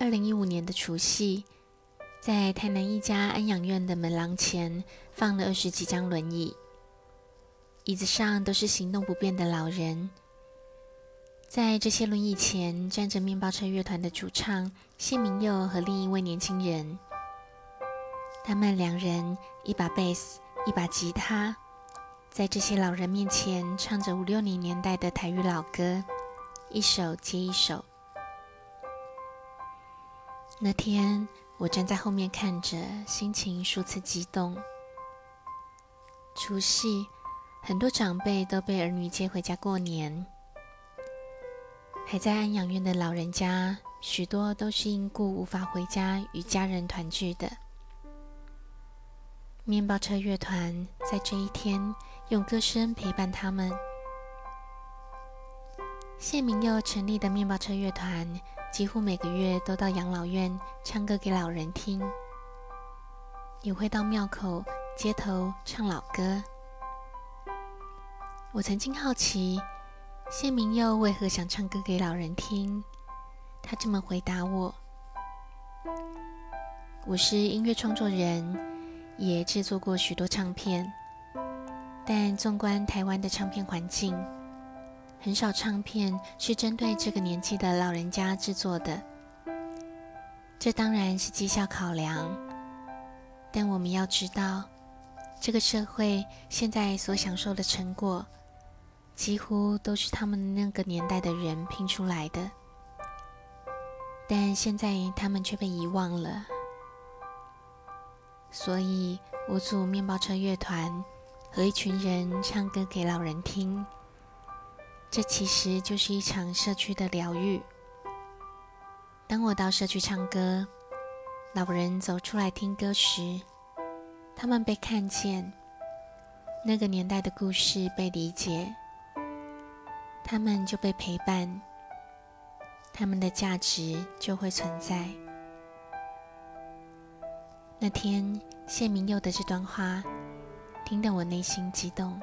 二零一五年的除夕，在台南一家安養院的門廊前，放了二十幾張輪椅，椅子上都是行動不便的老人。在這些輪椅前站着麵包車樂團的主唱謝明佑和另一位年輕人，他們兩人一把貝斯，一把吉他，在這些老人面前唱着五六零年，年代的台語老歌，一首接一首。那天，我站在後面看着，心情數次激動。除夕，很多長輩都被兒女接回家過年。還在安養院的老人家，許多都是因故無法回家與家人團聚的。麵包車樂團在這一天用歌聲陪伴他們。謝明佑成立的麵包車樂團。幾乎每個月都到養老院唱歌給老人聽，也會到廟口、街頭唱老歌。我曾經好奇，謝銘祐為何想唱歌給老人聽，他這麼回答我：“我是音樂創作人，也制作過許多唱片，但縱觀台灣的唱片環境。”很少唱片是針對這個年紀的老人家制作的，這當然是績效考量。但我們要知道，這個社會現在所享受的成果，幾乎都是他們那個年代的人拼出來的，但現在他們卻被遺忘了。所以，我組麵包車樂團和一群人唱歌給老人聽。這其實就是一場社區的療癒。當我到社區唱歌，老人走出來聽歌時，他們被看見，那個年代的故事被理解，他們就被陪伴，他們的價值就會存在。那天，謝明佑的這段話，聽得我內心激動。